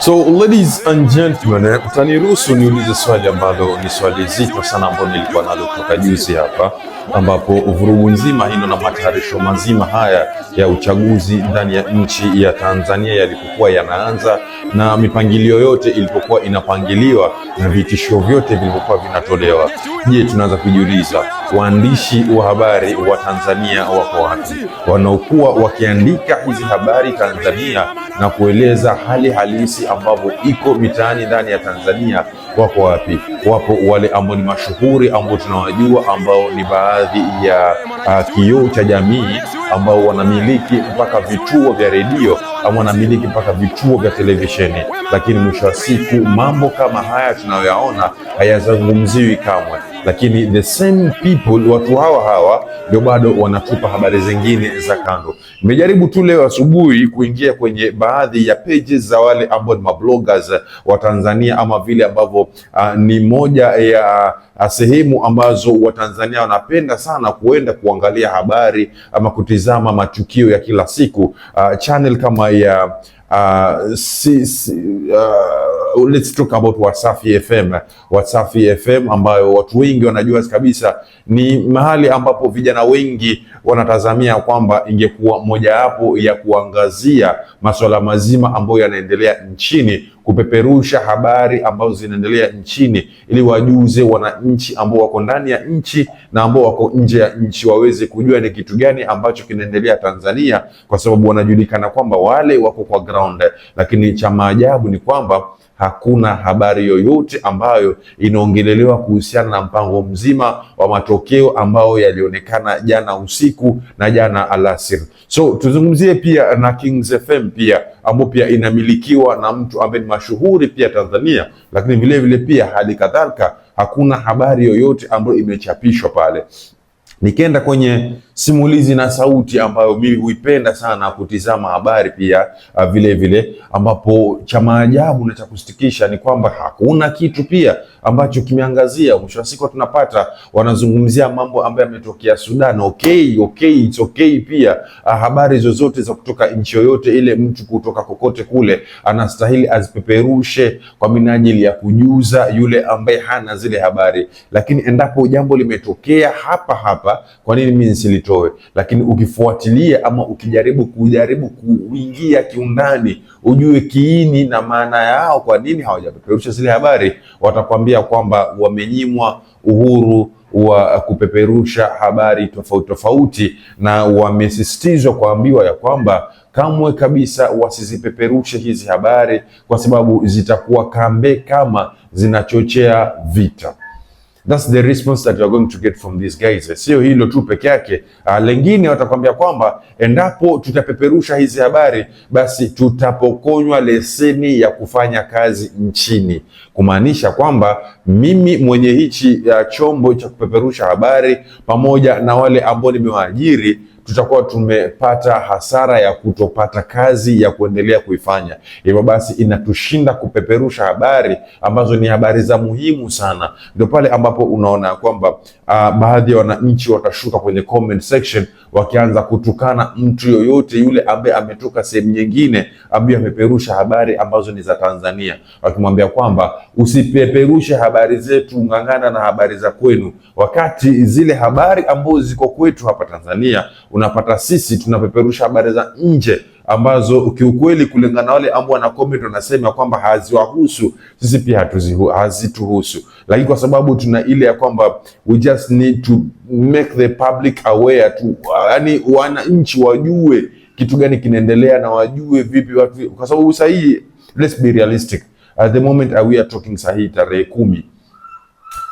So ladies and gentlemen, eh, utaniruhusu niulize swali ambalo ni swali zito sana ambalo nilikuwa nalo kutoka juzi hapa, ambapo vurugu nzima hino na matayarisho mazima haya ya uchaguzi ndani ya nchi ya Tanzania yalipokuwa yanaanza na mipangilio yote ilipokuwa inapangiliwa na vitisho vyote vilivyokuwa vinatolewa, je, tunaanza kujiuliza waandishi wa habari wa Tanzania wako wapi? Wanaokuwa wakiandika hizi habari Tanzania na kueleza hali halisi ambavyo iko mitaani ndani ya Tanzania wako wapi? Wapo wale ambao ni mashuhuri ambao tunawajua ambao ni baadhi ya uh, kioo cha jamii ambao wanamiliki mpaka vituo vya redio ama wanamiliki mpaka vituo vya televisheni, lakini mwisho wa siku mambo kama haya tunayoyaona hayazungumziwi kamwe, lakini the same people, watu hawa hawa ndio bado wanatupa habari zingine za kando. Nimejaribu tu leo asubuhi kuingia kwenye baadhi ya pages za wale ambao ni mabloggers wa Tanzania ama vile ambavyo uh, ni moja ya ah, sehemu ambazo Watanzania wanapenda sana kuenda kuangalia habari ama kutizama matukio ya kila siku uh, channel kama ya Uh, si, si, uh, let's talk about Wasafi FM. Wasafi FM ambayo watu wengi wanajua kabisa ni mahali ambapo vijana wengi wanatazamia kwamba ingekuwa mojawapo ya kuangazia masuala mazima ambayo yanaendelea nchini, kupeperusha habari ambazo zinaendelea nchini, ili wajuze wananchi ambao wako ndani ya nchi na ambao wako nje ya nchi waweze kujua ni kitu gani ambacho kinaendelea Tanzania, kwa sababu wanajulikana kwamba wale wako kwa around, lakini cha maajabu ni kwamba hakuna habari yoyote ambayo inaongelelewa kuhusiana na mpango mzima wa matokeo ambayo yalionekana jana usiku na jana alasiri. So tuzungumzie pia na Kings FM pia ambayo pia inamilikiwa na mtu ambaye ni mashuhuri pia Tanzania, lakini vilevile vile pia hali kadhalika hakuna habari yoyote ambayo imechapishwa pale. Nikienda kwenye simulizi na sauti ambayo mimi huipenda sana kutizama habari pia uh, vile vile, ambapo cha maajabu na cha kustikisha ni kwamba hakuna kitu pia ambacho kimeangazia. Mwisho wa siku tunapata wanazungumzia mambo ambayo yametokea Sudan. Okay, okay, it's okay. Pia uh, habari zozote za kutoka nchi yoyote ile, mtu kutoka kokote kule anastahili azipeperushe kwa minajili ya kujuza yule ambaye hana zile habari, lakini endapo jambo limetokea hapa hapa, kwa nini mimi ujitoe, lakini ukifuatilia ama ukijaribu kujaribu kuingia kiundani, ujue kiini na maana yao, kwa nini hawajapeperusha zile habari, watakwambia kwamba wamenyimwa uhuru wa kupeperusha habari tofauti tofauti, na wamesisitizwa kuambiwa ya kwamba kamwe kabisa wasizipeperushe hizi habari, kwa sababu zitakuwa kambe kama zinachochea vita. That's the response that you are going to get from these guys. Sio hilo tu peke yake, ah, lengine watakwambia kwamba endapo tutapeperusha hizi habari, basi tutapokonywa leseni ya kufanya kazi nchini, kumaanisha kwamba mimi mwenye hichi ah, chombo cha kupeperusha habari pamoja na wale ambao nimewaajiri tutakuwa tumepata hasara ya kutopata kazi ya kuendelea kuifanya. Hivyo basi inatushinda kupeperusha habari ambazo ni habari za muhimu sana. Ndio pale ambapo unaona kwamba uh, baadhi ya wananchi watashuka kwenye comment section wakianza kutukana mtu yoyote yule ambaye ametoka sehemu nyingine ambaye amepeperusha habari ambazo ni za Tanzania, wakimwambia kwamba usipeperushe habari zetu, ng'ang'ana na habari za kwenu, wakati zile habari ambazo ziko kwetu hapa Tanzania unapata sisi tunapeperusha habari za nje ambazo kiukweli kulingana na wale ambao wana comment wanasema kwamba haziwahusu sisi, pia hazituhusu, lakini kwa sababu tuna ile ya kwamba we just need to make the public aware tu, yani wananchi wajue kitu gani kinaendelea na wajue vipi watu, kwa sababu sahihi, let's be realistic at the moment we are talking, sahii tarehe kumi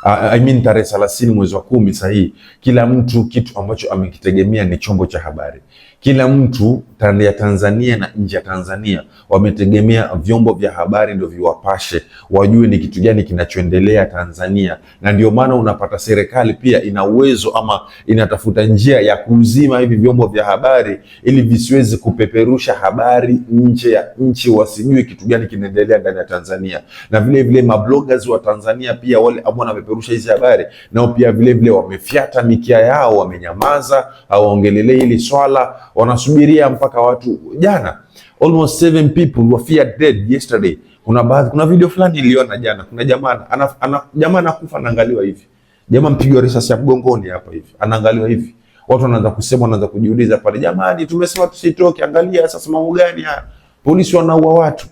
I mean tarehe 30 mwezi wa kumi, sahihi, kila mtu kitu ambacho amekitegemea ni chombo cha habari. Kila mtu ya Tanzania na nje ya Tanzania wametegemea vyombo vya habari ndio viwapashe, wajue ni kitu gani kinachoendelea Tanzania, na ndio maana unapata serikali pia ina uwezo ama inatafuta njia ya kuzima hivi vyombo vya habari ili visiwezi kupeperusha habari nje ya nchi, wasijue kitu gani kinaendelea ndani ya Tanzania. Na vile vile mabloggers wa Tanzania pia wale ambao wanapeperusha hizi habari nao pia vile vile wamefyata mikia yao, wamenyamaza, hawaongelelei hili swala wanasubiria mpaka watu jana, almost seven people were feared dead yesterday. Kuna baadhi, kuna video fulani niliona jana, kuna jamaa ana, jamaa anakufa anaangaliwa hivi, jamaa mpigwa risasi ya mgongoni hapa hivi, anaangaliwa hivi, watu wanaanza kusema, wanaanza kujiuliza pale, jamani, tumesema tusitoke, angalia sasa mambo gani haya, polisi wanaua watu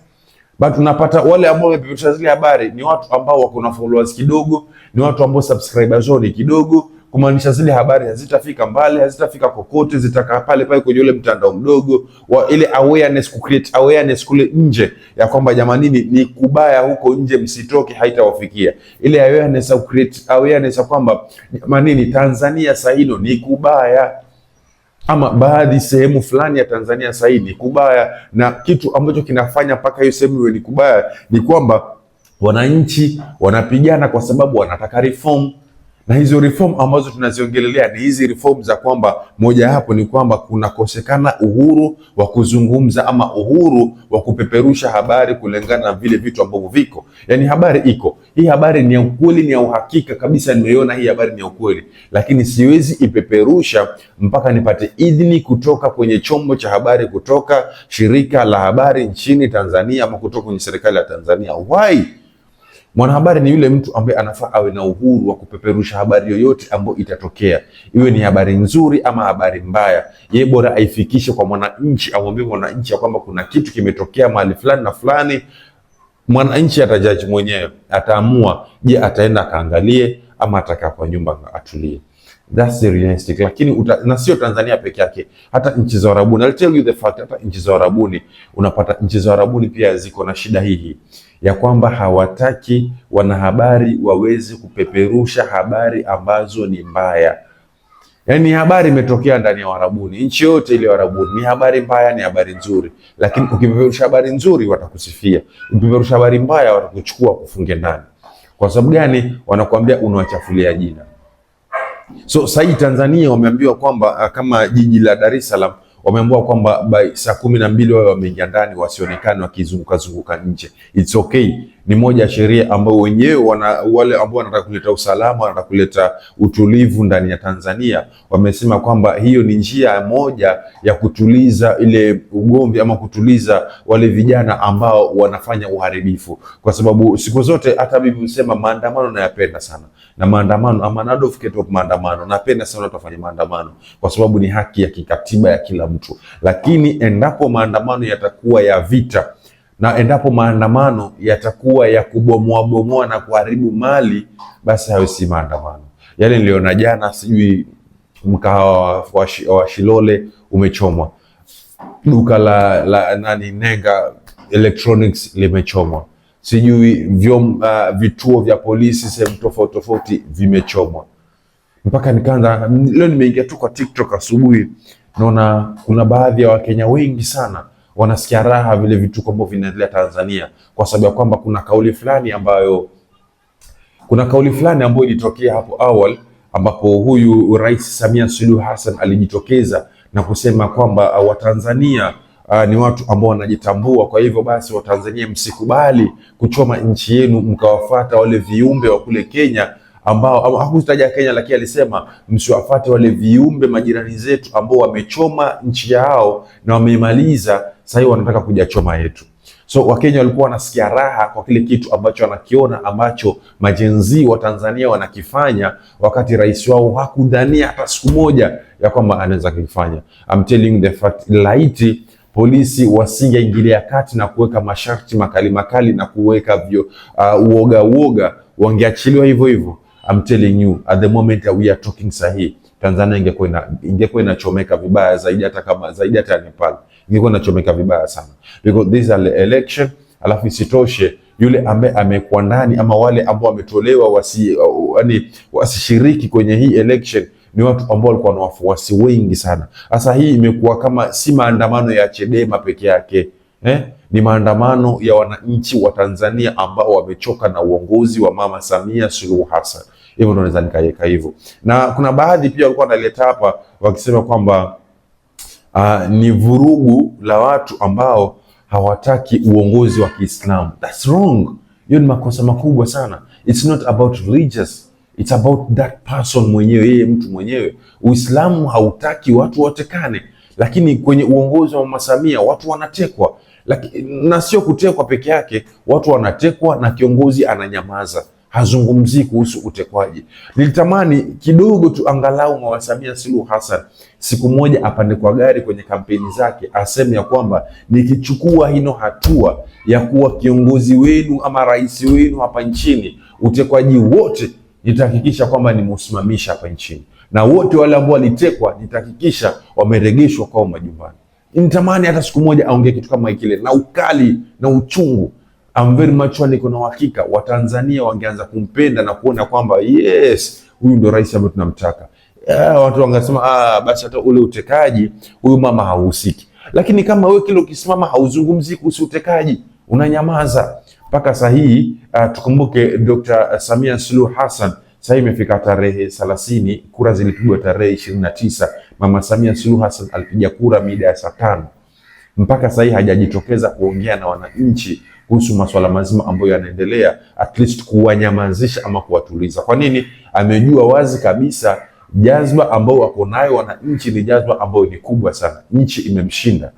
bado tunapata wale ambao wamepeperusha zile habari ni watu ambao wako na followers kidogo, ni watu ambao subscribers wao ni kidogo, kumaanisha zile habari hazitafika mbali, hazitafika kokote, zitakaa pale pale kwenye ule mtandao mdogo wa ile awareness, ku create awareness kule nje ya kwamba jamanini, ni kubaya huko nje, msitoke, haitawafikia ile awareness, ku create awareness ya kwamba jamanini, Tanzania saa ni kubaya ama baadhi sehemu fulani ya Tanzania sasa ni kubaya, na kitu ambacho kinafanya mpaka hiyo sehemu iwe ni kubaya ni kwamba wananchi wanapigana kwa sababu wanataka reform na hizo reform ambazo tunaziongelelea ni hizi reform za kwamba mojawapo ni kwamba kunakosekana uhuru wa kuzungumza ama uhuru wa kupeperusha habari kulingana na vile vitu ambavyo viko. Yaani habari iko hii, habari ni ya ukweli, ni ya uhakika kabisa, nimeiona hii habari ni ya ukweli, lakini siwezi ipeperusha mpaka nipate idhini kutoka kwenye chombo cha habari, kutoka shirika la habari nchini Tanzania ama kutoka kwenye serikali ya Tanzania. Why? Mwanahabari ni yule mtu ambaye anafaa awe na uhuru wa kupeperusha habari yoyote ambayo itatokea, iwe ni habari nzuri ama habari mbaya. Yeye bora aifikishe kwa mwananchi, amwambie mwananchi ya kwamba kuna kitu kimetokea mahali fulani na fulani. Mwananchi atajaji mwenyewe, ataamua je, ataenda akaangalie ama atakaa kwa nyumba atulie. That's the realistic. Lakini uta, na sio Tanzania peke yake, hata nchi za Arabuni. I'll tell you the fact, hata nchi za Arabuni unapata nchi za Arabuni pia ziko na shida hii ya kwamba hawataki wanahabari waweze kupeperusha habari ambazo ni mbaya. Yaani habari imetokea ndani ya warabuni nchi yote ile Warabuni, ni habari mbaya, ni habari nzuri, lakini ukipeperusha habari nzuri watakusifia, ukipeperusha habari mbaya watakuchukua kufunge ndani. Kwa sababu gani? Wanakuambia unawachafulia jina. So sasa Tanzania wameambiwa kwamba ah, kama jiji la Dar es Salaam wameamua kwamba saa kumi na mbili wawe wameingia ndani wasionekane wakizungukazunguka nje. It's okay ni moja ya sheria ambayo wenyewe wana, wale ambao wanataka kuleta usalama wanataka kuleta utulivu ndani ya Tanzania wamesema kwamba hiyo ni njia moja ya kutuliza ile ugomvi ama kutuliza wale vijana ambao wanafanya uharibifu, kwa sababu siku zote hata mimi msema maandamano nayapenda sana na maandamano ama maandamano napenda sana watu wafanye maandamano kwa sababu ni haki ya kikatiba ya kila mtu, lakini endapo maandamano yatakuwa ya vita na endapo maandamano yatakuwa ya kubomoabomoa na kuharibu mali, basi hayo si maandamano. Yale niliona jana, sijui mkahawa wa Shilole umechomwa, duka la, la nani Nenga Electronics limechomwa, sijui vyom, uh, vituo vya polisi sehemu tofauti tofauti vimechomwa, mpaka nikaanza leo, nimeingia tu kwa TikTok asubuhi, naona kuna baadhi ya Wakenya wengi sana wanasikia raha vile vituko ambavyo vinaendelea Tanzania, kwa sababu ya kwamba kuna kauli fulani ambayo kuna kauli fulani ambayo ilitokea hapo awali ambapo huyu Rais Samia Suluhu Hassan alijitokeza na kusema kwamba ah, Watanzania Uh, ni watu ambao wanajitambua. Kwa hivyo basi, Watanzania msikubali kuchoma nchi yenu mkawafata wale viumbe wa kule Kenya ambao hakutaja Kenya, lakini alisema msiwafate wale viumbe majirani zetu ambao wamechoma nchi yao na wameimaliza sasa hivi wanataka kujachoma yetu. So Wakenya walikuwa wanasikia raha kwa kile kitu ambacho wanakiona ambacho majenzi wa Tanzania wanakifanya, wakati rais wao hakudhania hata siku moja ya kwamba anaweza kukifanya. I'm telling the fact, laiti polisi wasingeingilia kati na kuweka masharti makali makali na kuweka vyo uh, uoga uoga, wangeachiliwa hivyo hivyo. I'm telling you at the moment we are talking, sahihi Tanzania ingekuwa inachomeka vibaya zaidi hata kama zaidi hata Nepal ingekuwa nachomeka vibaya sana because this are the election. Alafu isitoshe yule ambaye amekuwa ndani ama wale ambao wametolewa wasi, yani wasishiriki kwenye hii election ni watu ambao walikuwa na wafuasi wengi sana. Sasa hii imekuwa kama si maandamano ya Chadema peke yake eh? Ni maandamano ya wananchi wa Tanzania ambao wamechoka na uongozi wa Mama Samia Suluhu Hassan. Hivyo ndo naweza nikaweka hivyo, na kuna baadhi pia walikuwa wanaleta hapa wakisema kwamba uh, ni vurugu la watu ambao hawataki uongozi wa Kiislamu. That's wrong. Hiyo ni makosa makubwa sana. It's not about religious. It's about that person mwenyewe, yeye mtu mwenyewe. Uislamu hautaki watu watekane, lakini kwenye uongozi wa Mama Samia watu wanatekwa, na sio kutekwa peke yake, watu wanatekwa na kiongozi ananyamaza hazungumzii kuhusu utekwaji. Nilitamani kidogo tu angalau Mama Samia Suluhu Hassan siku moja apande kwa gari kwenye kampeni zake, aseme ya kwamba nikichukua hino hatua ya kuwa kiongozi wenu ama rais wenu hapa nchini, utekwaji wote nitahakikisha kwamba nimeusimamisha hapa nchini, na wote wale ambao walitekwa nitahakikisha wamerejeshwa kwao majumbani. Nitamani hata siku moja aongee kitu kama kile, na ukali na uchungu I'm very much sure niko na uhakika Watanzania wangeanza kumpenda na kuona kwamba yes, huyu ndo rais ambaye tunamtaka. Yeah, watu wangesema ah, basi hata ule utekaji huyu mama hauhusiki. Lakini kama wewe kile ukisimama hauzungumzii kuhusu utekaji, unanyamaza mpaka saa hii. Uh, tukumbuke Dr. Samia Suluhu Hassan sasa imefika tarehe 30, kura zilipigwa tarehe 29. Mama Samia Suluhu Hassan alipiga kura mida ya saa tano, mpaka sasa hajajitokeza kuongea na wananchi kuhusu masuala mazima ambayo yanaendelea, at least kuwanyamazisha ama kuwatuliza. Kwa nini? Amejua wazi kabisa jazba ambayo wako nayo wananchi ni jazba ambayo ni kubwa sana, nchi imemshinda.